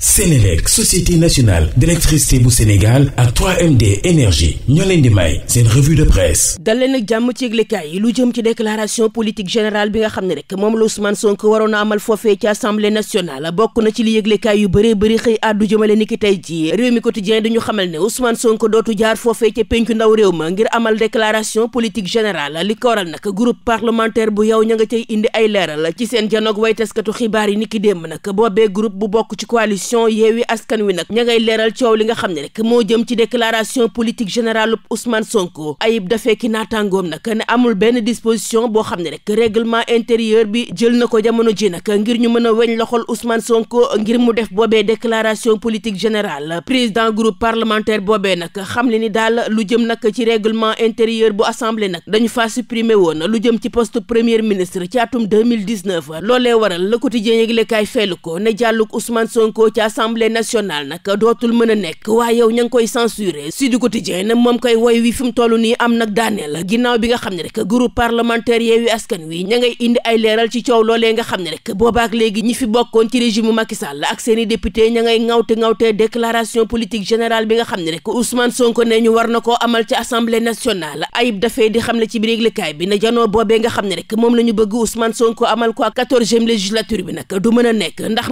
Sénélec société nationale d'électricité bu Sénégal ak 3MD énergie ñoo leen di may seen revue de presse dal leen jàmm ci yëglekaay yi lu jëm ci déclaration politique générale bi nga xam ne rek moom la Ousmane Sonko waroon a amal foofee ci assemblée nationale bokk na ci li yëglekaay yu bëree bëri xëy àddu jëmale ni ki tey jii réew mi quotidien dañu xamal ne Ousmane Sonko dootu jaar foofee ca péncu ndaw réew ma ngir amal déclaration politique générale li ko waral nag groupe parlementaire bu yow ña nga cay indi ay leeral ci seen janoog way taskatu xibaar yi ni ki démb nag boobee groupe bu bokk ci coalition coalition Yewwi Askan Wi nag ña ngay leeral coow li nga xam ne rek moo jëm ci déclaration politique générale Ousmane Sonko ayib da fekki naataangoom nag ne amul benn disposition boo xam ne rek règlement intérieur bi jël na ko jamono ji nag ngir ñu mën a weñ loxol Ousmane Sonko ngir mu def boobee déclaration politique générale président groupe parlementaire boobe nag xam le ni daal lu jëm nag ci règlement intérieur bu assemblée nag dañu faa supprimer woon lu jëm ci poste premier ministre ci atum 2019 loolee waral Le Quotidien yëglekaay feelu ko ne jàllug Ousmane Sonko ci assemblée nationale nag dootul mën a nekk waaye yow ña ngi koy censuré Sud Quotidien moom koy woy wi fi mu toll nii am nag daaneel ginnaaw bi nga xam ne rek groupe parlementaire Yewwi Askan Wi ña ngay indi ay leeral ci coow loolee nga xam ne rek boobaak léegi ñi fi bokkoon ci régime Macky Sall ak seeni député ña ngay ŋawte ŋawte déclaration politique générale bi nga xam ne rek Ousmane Sonko ne ñu war na koo amal ci assemblée nationale ayib dafee di xam ne ci biir yëglekaay bi na janoo boobee nga xam ne rek moom la ñu bëgg Ousmane Sonko amal ko ak quatorzième législature bi nag du a nekk ndax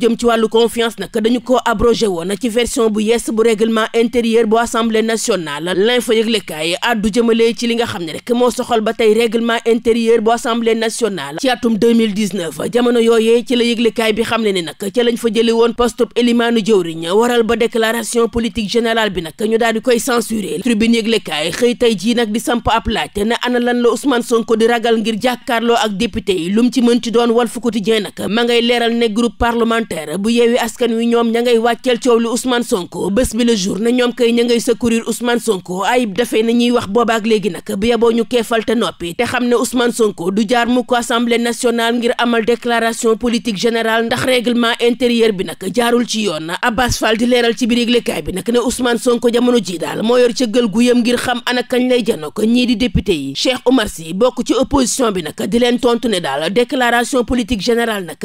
jëm ci wàllu confiance nag dañu ko abrogé woon ci version bu yees bu règlement intérieur bu assemblée nationale l'info yëglekaay àddu jëmale ci li nga xam ne rek moo soxal ba tey règlement intérieur bu assemblée nationale ci atum 2019 jamono yooyee ci la yëglekaay bi xam ne ni nag ca lañ fa jële woon poste Elimaanu jëwriñ waral ba déclaration politique générale bi nag ñu daal di koy censurer tribune yëglekaay xëy tey jii nag di samp ab laajte ragal ngir jàkkaarloo ak député ci mën ci doon Walf Quotidien nag parlementaire bu yeewi askan wi ñoom ña ngay wàcceel coow li Ousmane Sonko bés bi le jour ne ñoom kay ña ngay secourir Ousmane Sonko ayib dafee na ñuy wax boobaak léegi nag bu yeboo ñu keefal te noppi te xam ne Ousmane Sonko du jaar mu ko assemblée nationale ngir amal déclaration politique général ndax règlement intérieur bi nag jaarul ci yoon Abbas Fall di leeral ci biir yëglekaay bi nag ne Ousmane Sonko jamono ji daal moo yor cëggal gu yëm ngir xam ana kañ lay janoo ko ñii di député yi Cheikh Oumar Sy bokk ci bi nag di leen tontu ne daal déclaration politique générale nag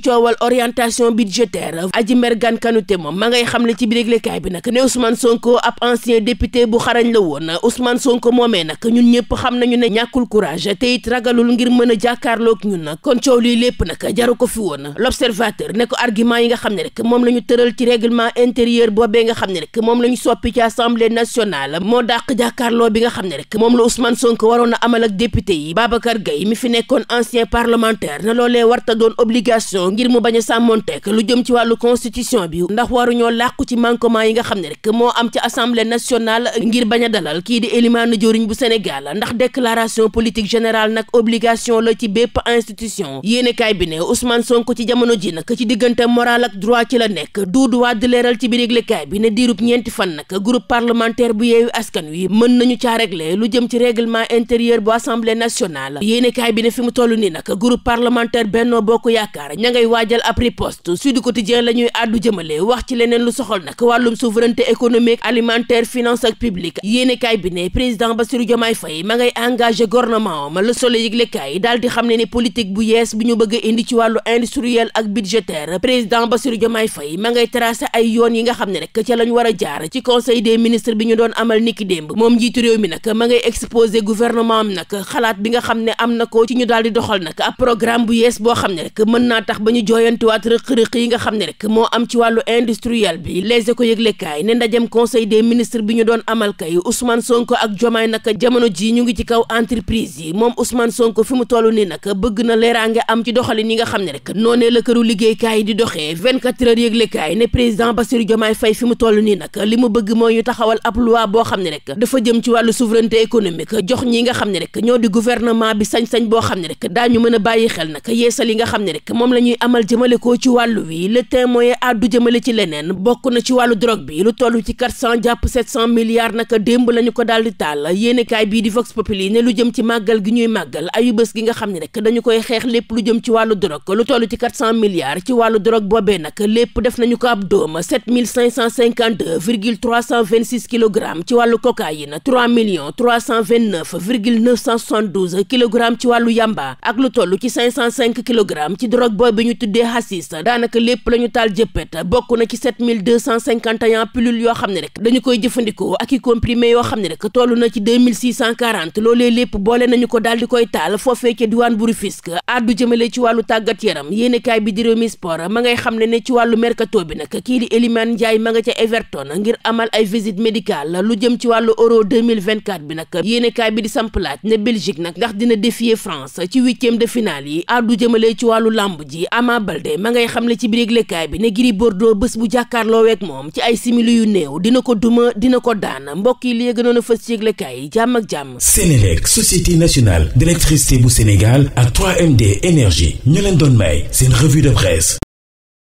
ci coowal orientation budgétaire aji mbergaan kanute moom ma ngay xam ne ci biréglekaay bi nag ne Ousmane Sonko ab ancien député bu xarañ la woon Ousmane Sonko moomee nag ñun ñëpp xam nañu ne ñàkkul courage te ragalul ngir mën a jàkkaarloog ñun kon coow lii lépp nag jaru ko fi woon l'observateur ne ko argument yi nga xam ne rek moom la soppi ci assemblée nationale moo dàq jàkkaarloo bi nga xam ne rek moom la Ousmane Sonko waroon a amal ak député yi Babacar Gueye mi fi nekkoon ancien parlementaire kaw ngir mu bañ a sàmmonteek lu jëm ci wàllu constitution bi ndax waruñoo làqu ci manquement yi nga xam ne rek moo am ci assemblée nationale ngir bañ a dalal kii di éliment Elimaan jëriñ bu Sénégal ndax déclaration politique général nag obligation la ci bépp institution yéenekaay bi ne Ousmane Sonko ci jamono ji nag ci diggante moral ak droit ci la nekk duudu wadd leeral ci biir yëglekaay bi ne diirub ñeenti fan nag groupe parlementaire bu yeewu askan wi mën nañu caa régler lu jëm ci règlement intérieur bu assemblée nationale yéenekaay bi ne fi mu toll nii nag groupe parlementaire Benno Bokk Yaakaar ngay waajal ab riposte Sud Quotidien la ñuy àddu jëmale wax ci leneen ma ngay engagé gouvernement ma yi daal di xam ne ne bu yees bi ñu bëgg a indi ci wàllu industriel ak budgétaire ma ngay tracé ay yoon yi nga xam ne rek ca lañ war a jaar ci conseil des ministres bi ñu doon amal niki démb moom njiitu réew mi nag ma ngay exposé gouvernement am xalaat bi nga xam ne am na ko ci ñu daal di doxal nag ab programme bu yees boo xam ne rek mën naa tax ba ñu jooyantuwaat rëq-rëq yi nga xam ne rek moo am ci wàllu industriel bi les éco yëglekaay ne ndajem conseil des ministres bi ñu doon amal kay Ousmane Sonko ak Jomaay naka jamono ji ñu ngi ci kaw entreprise yi moom Ousmane Sonko fi mu toll nii nag bëgg na leeraange am ci doxalin yi nga xam ne rek noonee la këru liggéeykaay yi di doxee 24 heures yëglekaay ne président Bassirou Diomaye Faye fi mu toll nii nag li mu bëgg mooy ñu taxawal ab loi boo xam ne rek dafa jëm ci wàllu souveraineté économique jox ñi nga xam ne rek ñoo di gouvernement bi sañ-sañ boo xam ne rek daañu mën a bàyyi xel nag yeesal yi nga xam ne rek moom lañu ñuy amal jëmale ko ci wàllu wi le témoin àddu jëmale ci leneen bokk na ci wàllu drogue bi lu toll ci 400 jàpp 700 milliards naka démb la ñu ko daal di taal yéenekaay bii di Vox Populi ne lu jëm ci màggal gi ñuy màggal ayu bés gi nga xam ni rek dañu koy xeex lépp lu jëm ci wàllu drogue lu toll ci 400 milliards ci wàllu drogue boobee nag lépp def nañu ko ab dóom 7552 virgule 326 kilogrammes ci wàllu cocaïne 3 millions 329 virgule 972 kilogrammes ci wàllu yamba ak lu toll ci 505 kilogrammes ci drogue bi ñu tuddee xasis daanaka lépp la taal jëppet bokk na ci 7251 yoo xam ne rek dañu koy jëfandikoo ak i comprimé yoo xam ne rek toll na ci loolee lépp boole nañu ko daal koy taal foofee ca diwaan bu Rufisque addu jëmale ci wàllu tàggat yaram yéenekaay bi di Rewmi ma ngay xam ne ne ci wàllu mercato bi nag kii di Elimane ma nga ca Everton ngir amal ay visite médicale lu jëm ci wàllu euro bi nag yéenekaay bi di sampalaat ne Belgique Ama Baldé ma ngay xamle ci biir yëglekaay bi ne Gris Bordeaux bés bu jàkkaarloo ak moom ci ay simili yu néew dina ko duma dina ko daana mbokk yi li gënoon a fës ci yëglekaay yi jàmm ak jàmm. Sénélec société nationale d'électricité bu Sénégal ak 3MD énergie ñu leen doon may seen revue de presse.